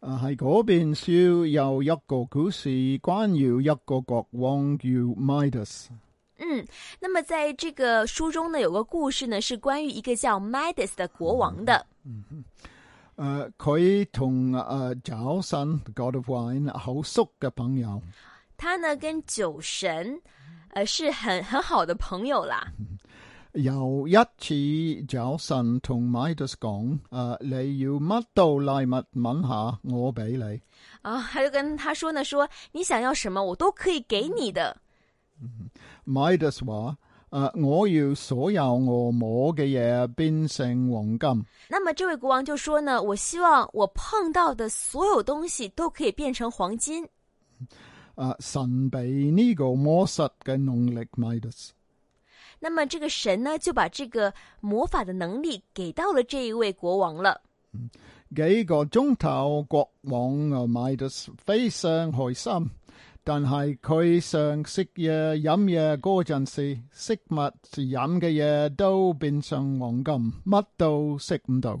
啊，喺嗰邊書有一個故事，關於一個國王叫 Midas。嗯，那麼在這個書中呢，有個故事呢，是關於一個叫 Midas 的國王的。嗯，佢同誒酒神 God of Wine 好熟嘅朋友。他呢，跟酒神，呃是很很好的朋友啦。有一次，找神同米德斯講：誒、呃，你要乜到禮物，問下我俾你。啊，佢就跟他說呢，說你想要什麼，我都可以給你的。嗯、米德斯話：誒、呃，我要所有我摸嘅嘢變成黃金。那麼，這位國王就說呢：我希望我碰到的所有東西都可以變成黃金。神俾呢個魔術嘅能力米德斯。啊那麼這個神呢，就把這個魔法的能力給到了這一位國王了。幾個鐘頭，國王啊，買得非常開心，但係佢想食嘢飲嘢嗰陣時食物飲嘅嘢都變成黃金，乜都食唔到。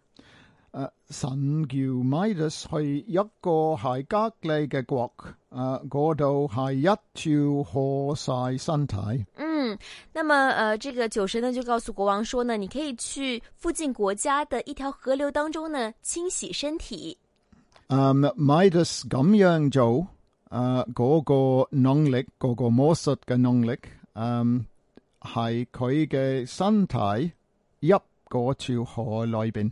神叫米德去一個喺隔籬嘅國，嗰度係一條河晒身體。嗯，那麼誒、呃，這個酒神呢就告訴國王說呢，你可以去附近國家的一條河流當中呢清洗身體。嗯，米德咁樣做，嗰、呃，這個能力，嗰個魔術嘅能力，嗯，喺佢嘅身體一嗰條河裏邊。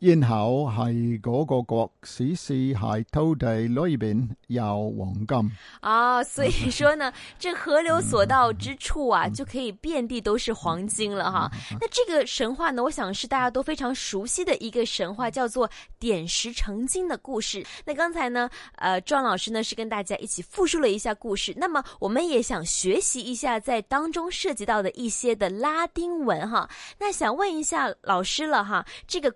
然後係嗰個國史是喺土地裏邊有黃金啊、哦，所以說呢，這河流所到之處啊，嗯、就可以遍地都是黃金了哈。嗯、那這個神話呢，我想是大家都非常熟悉的一個神話，叫做點石成金的故事。那剛才呢，呃，莊老師呢是跟大家一起復述了一下故事，那麼我們也想學習一下在當中涉及到的一些的拉丁文哈。那想問一下老師了哈，這個。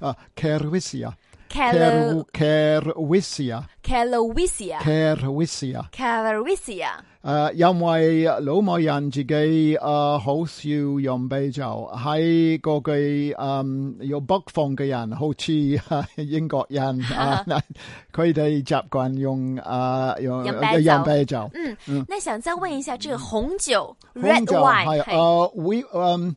啊，Cervisia，Cer，Cervisia，Cervisia，Cervisia，Cervisia。啊，因為老外人自己啊，好少用啤酒，喺嗰句啊，有北方嘅人，好似啊，英國人啊，佢哋習慣用啊，用用啤酒。嗯，那想再問一下，這個紅酒，Red wine 係啊，We 嗯。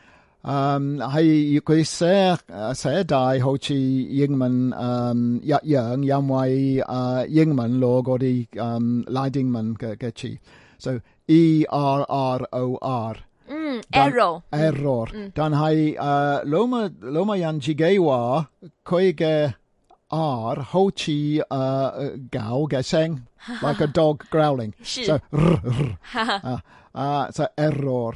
誒係佢寫誒寫大，好似英文誒一樣，因為誒英文攞嗰啲拉丁文嘅詞，所以 error。嗯，error。error。但係誒，羅馬羅馬人自己話，佢嘅 R 好似誒狗嘅聲，like a dog growling。是。哈哈。啊，所以 error。